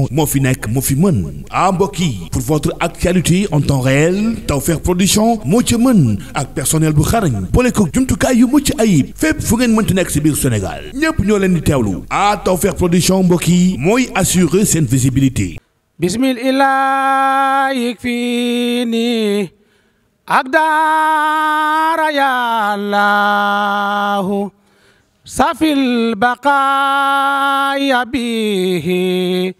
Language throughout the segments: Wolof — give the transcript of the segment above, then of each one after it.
production moo fi nekk moo fi mën ah mbokk yi pour votre actualité en temps réel Tawfekh production moo ci mën ak personnel bu xarañ boole ko jumtukaay yu mucc ayib fépp fu ngeen mënti nekk si biir Sénégal ñépp ñoo leen di teewlu ah Tawfekh production mbokk yi mooy assurer seen visibilité bismillah yik fii nii ak daara yàllaahu safil baqaaya bihi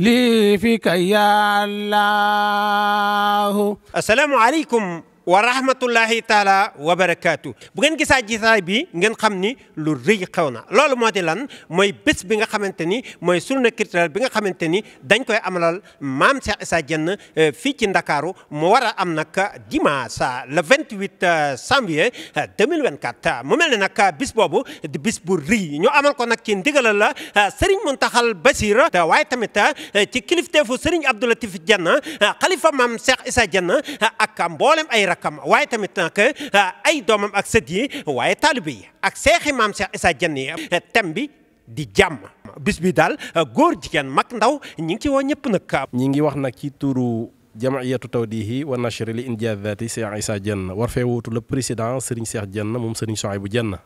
لي فيك يا الله السلام عليكم wa rahmatullahi taala wa barakaatu bu ngeen gisaa gisaay bi ngeen xam ni lu rëy xew na loolu lan mooy bés bi nga xamante ni mooy journée culturelle bi nga xamante ni dañ koy amalal maam Cheikh Issa Diène euh, fii ci Ndakaaru mu war a am nag dimanche le 28 euh, janvier 2024 euh, mu mel ne nag bis boobu di bis bu rëy ñu amal ko nag ci ndigalal la Serigne Mountakhal Basir waaye tamit ci kilifteefu Serigne Abdou Latif Diène xalifa maam Cheikh Issa Diène ak mboolem ay rakkam waaye tamit nag ah, ah, ay doomam ak sët yi waaye taalibe yi ak seexi maam Cheikh Issa Dienne ah, thème bi di jàmm bis bi daal góor jigéen mag ndaw ñi ngi ci woo ñëpp nag. ñi ngi wax nag ci turu jamaiyatu tawdihi wa nashri li injazati Cheikh Issa Dienne war fee wuutu le président Serigne Cheikh Dienne moom Serigne Souhaïbou Dienne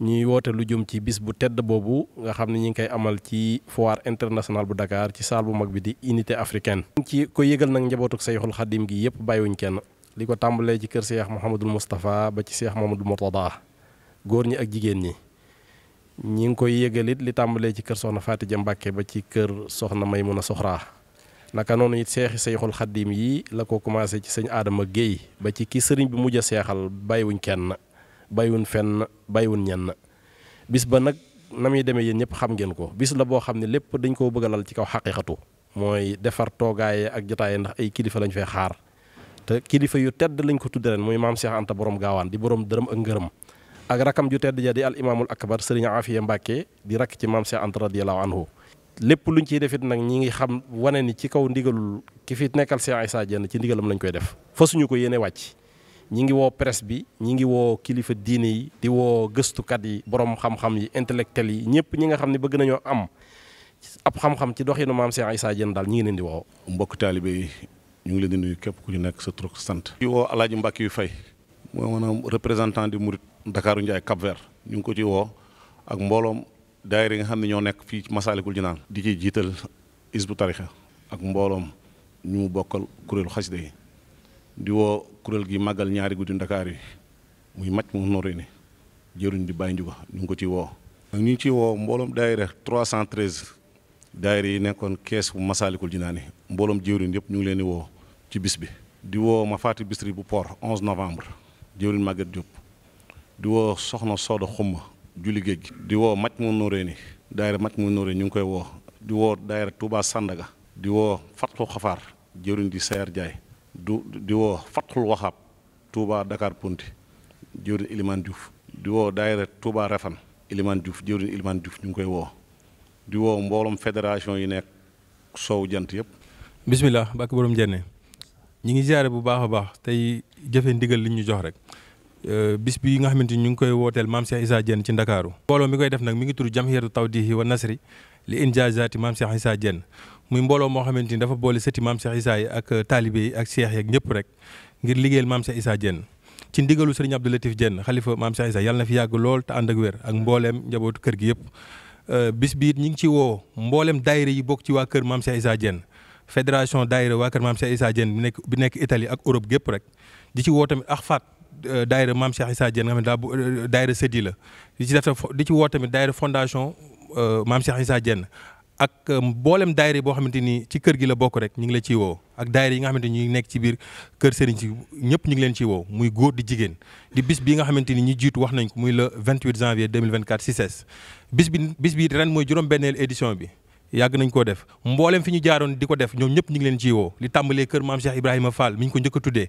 ñuy woote lu jëm ci bis bu tedd boobu nga xam ne ñu ngi koy amal ci foire internationale bu Dakar ci salle bu mag bi di unité africaine. ci ko yëgal nag njabootuk Sayxul Xadim gi yëpp bàyyiwuñ kenn. li ko tàmbalee ci kër seex Mouhamadul Moustapha ba ci seex Mouhamadul Mourtada góor ñi ak jigéen ñi ñi ngi koy yëgalit li tàmbalee ci kër soxna Fatija mbakke ba ci kër soxna may Maymuna Soxraa naka noonu it seexi Seyxul Xaddiim yi la ko commencé ci sëñ aadama géey ba ci ki sëriñ bi mujj a seexal bàyyiwuñ kenn bàyyiwuñ fenn bàyyiwuñ ñenn bis ba nag na muy demee yéen ñëpp xam ngeen ko bis la boo xam ne lépp dañ koo lal ci kaw xaqiqatu mooy defar toogaay ak jotaay ndax ay kilifa lañ fee xaar te kilifa yu tedd lañ ko tudde ren muy maam Cheikh Anta borom gaawaan di borom dërëm ak ngërëm ak rakam ju tedd ja di al imaamul akbar sëriñ Afiya Mbàkke di rakk ci maam Cheikh Anta radiyallahu anhu lépp luñ ciy defit nag ñi ngi xam wane ni ci kaw ndigalul ki fi nekkal Cheikh Issa Diène ci ndigalam lañ koy def fasuñu ko yéene wàcc ñi ngi woo presse bi ñi ngi woo kilifa diine yi di woo gëstukat yi borom xam-xam yi intellectuel yi ñëpp ñi nga xam ne bëgg nañoo am ab xam-xam ci doxinu maam Cheikh Issa Diène daal ñi ngi leen di woo mbokk taalibe ñu ngi leen di nuyu képp ku ci nekk sa tur sant. yi woo El Hadj Mbacke yu fay moo maanaam représentant du Mouride ndakaaru Ndiaye Cap Vert ñu ngi ko ci woo ak mbooloom daayira yi nga xam ne ñoo nekk fii ci Masaalikul Jinaan di ci jiital isbu tarixa ak mbooloom ñu mu bokkal kuréelu xasida yi di woo kuréel gi màggal ñaari guddi Dakar yi muy màcc mu nooree ni jëruñ di bàyyi njuga ñu ngi ko ci woo. ak ñu ngi ciy woo mbooloom daayira 313 daayira yi nekkoon kees bu Masaalikul Jinaan mbooloom jëruñ yëpp ñu ngi leen di woo. ci bis bi di woo ma faati Bichri bu port 11 novembre jëwriñ Maguette Diop di woo soxna Soda Xumma julli géej gi di woo maj mu nóoree ni daayira maj mu nóoree ñu ngi koy woo diwoo woo daayira Touba Sandaga di woo Fatxul Xafaar jëwriñ di Sayar Jaay du di woo Fatxul Waxaab Touba Dakar Ponti jëwriñ Iliman Diouf di woo daayira Touba Refan Iliman Diouf jëwriñ Iliman Diouf ñu ngi koy woo di woo mbooloom fédération yi nekk soow jant yëpp bismillah bàkk borom jenne ñu ngi ziare bu baax a baax tey jëfe ndigal li ñu jox rek euh, bis bi nga xamante ni ñu ngi koy wooteel maam Cheikh ci ndakaaru mbooloo mi koy def nag mi ngi tudd Jamhiyatu Tawdihi wa Nasri li injaazaati maam Cheikh Issa Diène muy moo xamante ni dafa boole sëti maam Cheikh Issa yi ak euh, taalibe yi seex yeeg ñëpp rek ngir liggéeyal maam Cheikh Issa ci ndigalu sëriñ Abdou Latif Diène xalifa maam Cheikh Issa yàlla na fi yàgg lool te ànd ak wér ak mbooleem njaboot kër gi yëpp euh, bis bi it ñi ngi ci woo mbooleem daayira yi bokk ci waa kër maam Cheikh Issa Diène fédération daayira waa kër maam Cheikh Issa Diène bi nekk nekk Italie ak Europe gépp rek di ci woo tamit axfaat euh, daayira maam Cheikh Issa Diène nga xam ne daa bu euh, la di ci def di ci woo tamit daayira fondation euh, maam Cheikh Issa Diène ak mboolem daayira boo xamante ni ci kër gi la bokk rek ñu ngi la ciy woo ak daayira yi nga xamante ni ñu nekk ci biir kër sëriñ si ñëpp ñu ngi leen ciy woo muy góor di jigéen di bis bi nga xamante ni ñi jiitu wax nañ ko muy le 28 janvier 2024 bi yàgg nañ koo def mboolem fi ñu jaaroon di ko def ñoom ñëpp ñu ngi leen jiwoo li tàmbalee kër maam Cheikh Ibrahima Fall mi ñu ko njëkk a tuddee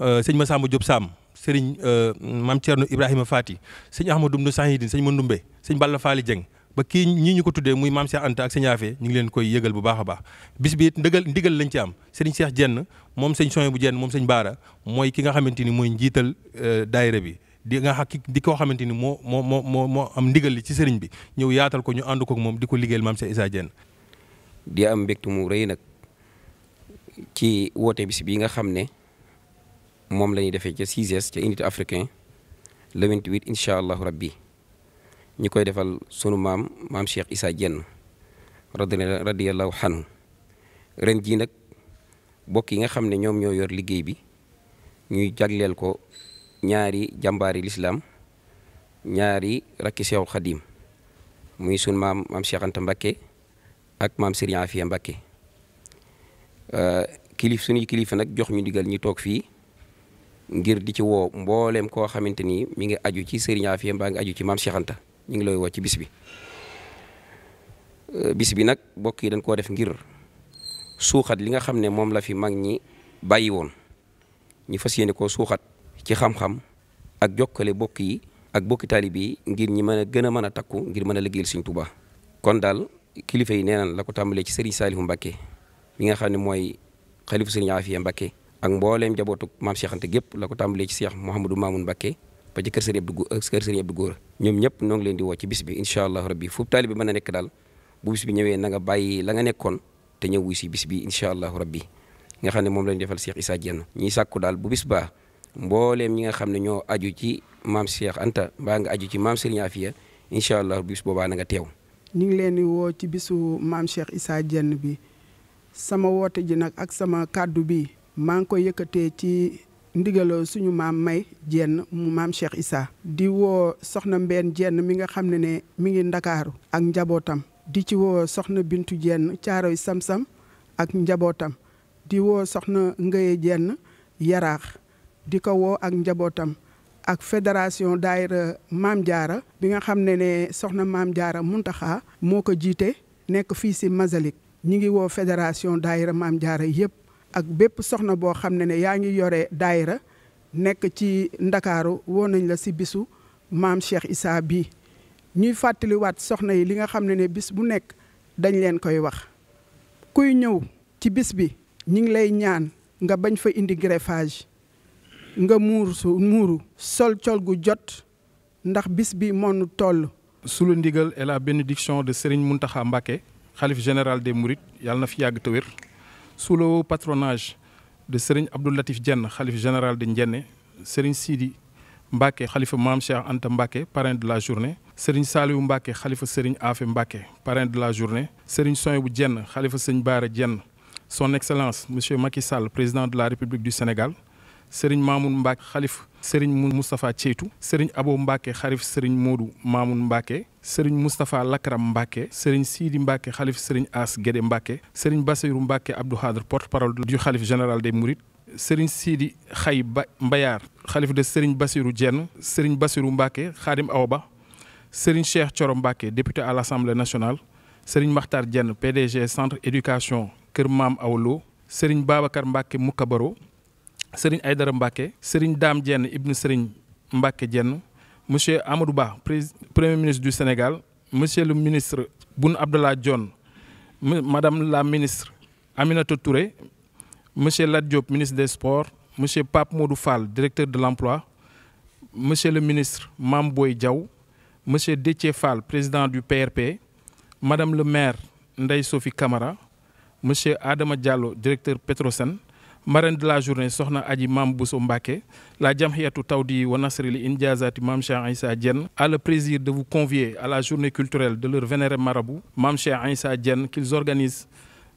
euh, sëñ Massamba Diop Sam sëriñ euh, maam Thierno Ibrahima Fati sëñ Ahmadou Ndoumbe Sahidine sëñ Mandoumbe sëñ Balla Faali Dieng ba kii ñii ñu ko tuddee muy maam Cheikh Anta ak sëñ Afé ñu ngi leen koy yëgal bu baax a baax bis bi ndigal ndigal lañ ci am sëriñ Cheikh Jenn moom sëñ Soñ bu Jenn moom sëñ Baara mooy ki nga xamante ni mooy njiital euh, daayira bi di nga xa di koo xamante ni moo moo moo moo am ndigal li ci sëriñ bi ñëw yaatal ko ñu ànd ko ak moom di ko liggéeyal maam Cheikh Issa Diène. di am mbégte mu rëy nag ci woote bis bi nga xam ne moom la ñuy defee ca 6S ca unité africain le 28 incha allahu rabbi ñi koy defal sunu maam maam Cheikh Issa Diène radiyallahu anhu ren jii nag bokk yi nga xam ne ñoom ñoo yor liggéey bi ñuy jagleel ko. ñaari jàmbaari lislaam ñaari rakki Seexul Xadim muy sun maam maam Cheikh Anta Mbakke ak maam Serigne Afia Mbakke euh, kilif suñuy kilifa nag jox ñu digal ñu toog fii ngir di ci woo mbooleem koo xamante ni mi ngi aju ci Serigne Afia mbaa ngi aju ci maam Cheikh Anta ñu ngi lay woo ci bis bi. Euh, bis bi nag mbokk yi dañ koo def ngir suuxat li nga xam ne moom la fi mag ñi bàyyi woon ñu fas yéene koo suuxat. ci xam-xam ak jokkale bokk yi ak bokki taalib yi ngir ñi mën a gën a mën a takku ngir mën a liggéeyal Sëriñ Tuubaa kon daal kilifa yi nee nan la ko tàmbalee ci Serigne Saliou Mbacké mi nga xam ne mooy xalifu Serigne Afia Mbacké ak mbooleem jabootu maam Cheikh Anta la ko tàmbalee ci Cheikh Mouhamadou Mamoun Mbacké ba ci kër Serigne Abdou kër Serigne ñoom ñëpp noo ngi leen di woo ci bis bi incha allah rabbi fu taalib bi mën a nekk daal bu bi ñëwee na nga bàyyi la te ñëw wuy si bis bi incha allah rabbi nga xam ne moom lañ defal Cheikh Issa Diène ñiy sàkku daal bu bis baa mbooleem ñi nga xam ne ñoo aju ci maam Cheikh Anta mbaa nga aju ci maam Serigne Afia incha allah bis boobaana nga teew. ñu ngi leen di woo ci bisu maam Cheikh Issa bi sama woote ji nag ak sama kàddu bi maa ngi koy yëkkatee ci ndigaloo suñu maam May Diène maam Cheikh Issa. di woo soxna Mbène jenn mi nga xam ne ne mi ngi ndakaaru ak njabootam. di ci woo soxna Bintu Diène caaroy Samsam ak njabootam di woo soxna Ngëye jenn yaraax. di ko woo ak njabootam ak fédération daayira Maam Jaara bi nga xam ne ne soxna Maam Jaara Muntaxa moo ko jiite nekk fii si Masalik ñi ngi woo fédération daayira Maam Jaara yëpp ak bépp soxna boo xam ne ne yaa ngi yore daayira nekk ci Ndakaaru woo nañ la si bisu Maam Cheikh Issa bi ñuy fàttaliwaat soxna yi li nga xam ne ne bis bu nekk dañ leen koy wax kuy ñëw ci bis bi ñu ngi lay ñaan nga bañ fa indi greffage nga muur su muuru sol col gu jot ndax bis bi moonu toll sous le ndigal et la bénédiction de Serigne Mountakha Mbacké xalif général des Mourides yàlla na fi yàgg te wér sous le patronage de Serigne Abdou Latif Diène xalif général de Ndiéné Serigne Sidi Mbacké xalifa Maam Cheikh Anta Mbacké parrain de la journée Serigne Saliou Mbacké xalifa Serigne Afé Mbacké parrain de la journée Serigne bu Diène xalifa Serigne Bara Diène son excellence monsieur Macky Sall président de la République du Sénégal sëriñ Mamoun Mbacke xalif sëriñ Moustapha Ceytu sëriñ Abo Mbacke xalif sëriñ Modou Mamoun Mbacke sëriñ Moustapha Lakram Mbacke sëriñ Sidi Mbacke xalif sëriñ As Guédé Mbacke sëriñ Bassirou Mbacke Abdou Khadre porte-parole du xalif général des Mourides sëriñ Sidi Xay ba Mbayaar de sëriñ Bassirou Diène sëriñ Bassirou Mbacke Khadim Aoba sëriñ Cheikh Thioro Mbacke député à l'Assemblée nationale sëriñ Makhtar Diène PDG centre éducation Kër Maam Awlo sëriñ Babacar Mbacke Moukabaro sëriñ Aydara Mbacke sëriñ daam Dieng ibnu sëriñ Mbacke Dieng monsieur Amadou Ba premier ministre du Sénégal monsieur le ministre Boun Abdallah Dionne madame la ministre Aminata Touré monsieur Lat Diop ministre des sports monsieur Pape Modou Fall directeur de l'emploi monsieur le ministre Mame Boye Diaw monsieur Déthié Fall président du PRP madam le maire Ndeye Sophie Camara monsieur Adama Diallo directeur Petrosen marine de la journée soxna aji Mame Bousso Mbacké la jamhiyatu tawdi wa nasril injazati Mame Cheikh Issa Diène à le plaisir de vous convier à la journée culturelle de leur vénéré marabout Mame Cheikh Issa Diène qu'ils organisent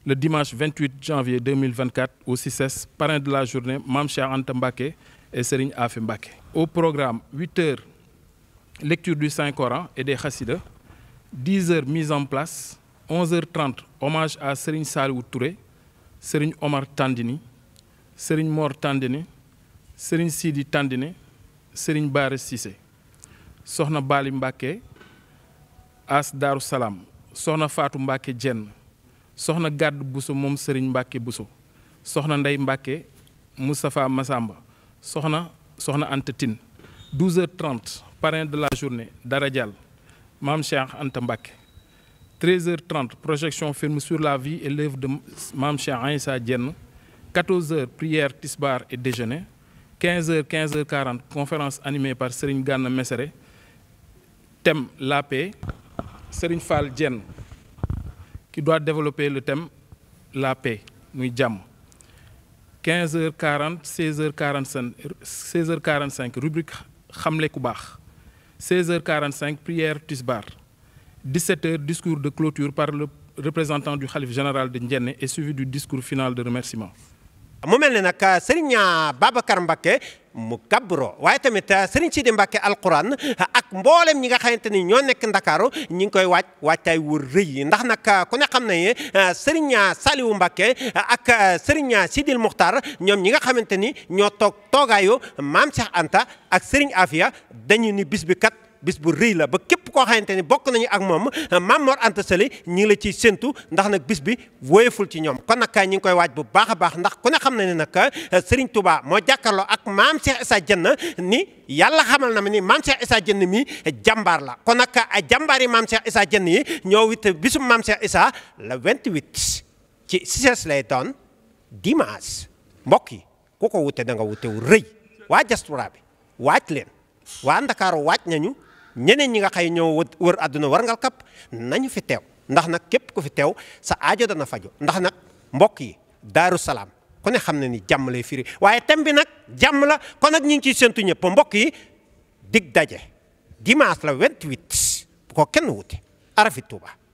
le dimanche 28 janvier 2024 au CICES e parrain de la journée Mame Cheikh Anta Mbacké et Serigne Affe Mbacké au programme 8 heures lecture du Saint-Coran et des khassidas 10 heures mise en place 11h30 hommage à Serigne Saliou Touré Serigne Omar Tandini sëriñ Mor Tandine sëriñ Sidi Tandine sëriñ Baara Cissé soxna Bali Mbacke as Daaru Salaam soxna Faatu Mbacke Jenn soxna Gàdd Bousso moom sëriñ Mbacke Bousso soxna Ndey Mbacke Moustapha masamba soxna soxna Anta Tine 12h30 de la journée Dara Dial Maam Cheikh Anta Mbacke 13h30 projection film sur la vie et l'œuvre de Maam Cheikh Aïssa Diène 14 heures prière tisbar et déjeuner 15 heures 15 heures 40 conférence animée par Serigne Gana Messere tem la paix Serigne Fall Dieng qui doit développer le tem la paix muy jàmm 15 heures 40 16 heures 45 16 heures 45 rubrique xamle ku baax 16 heures 45 prière tisbar 17 heures discours de clôture par le représentant du khalife général de jenne et suivi du discours final de remerciement mu mel ne nag ah, sëriñ ah, Babacar Mbacké mu kabbro waaye tamit ah, sëriñ Sidi Mbacké alquran ak mboolem ñi nga xamante ni ñoo nekk ndakaaru ñi ngi koy waaj waajtaay wu rëy ndax nag ku ne xam ne sëriñ Saliou Mbacké ak sëriñ Sidil Muxtar ñoom ñi nga xamante ni ñoo toog toogaayu maam Cheikh Anta ak sëriñ Afia dañu ni bis kat bis bu rëy la ba képp koo xamante ni bokk nañu ak moom euh, Mame Mor Anta Saly ngi la ciy séntu ndax nag bis bi woyeful ci ñoom kon nag kaay ngi koy waaj bu baax a baax ndax ku ne xam na ne nag euh, Serigne Touba moo jàkkarloo ak maam Cheikh Issa Dienne ni yàlla xamal na ma ni maam Cheikh Issa jën mi jàmbaar la kon nag ay euh, jàmbaar yi maam Cheikh Issa Dienne yi ñoo witte bisum maam Cheikh Issa le 28 ci Cissesse lay doon dimanche mbokk yi ku ko wute da nga wute wu rëy waa diaspora bi waaj leen waa Ndakaaru nañu. ñeneen ñi nga xay ñoo wër àdduna war ngal kapp nañu fi teew ndax nag képp ku fi teew sa aajo dana fajo ndax nag mbokk yi daaru salaam ku ne xam na ni jàmm lay firi waaye thème bi nag jàmm la kon nag ñu ngi ciy séntu ñëpp mbokk yi dig daje dimanche la 28 bu ko kenn wuti arafi Touba.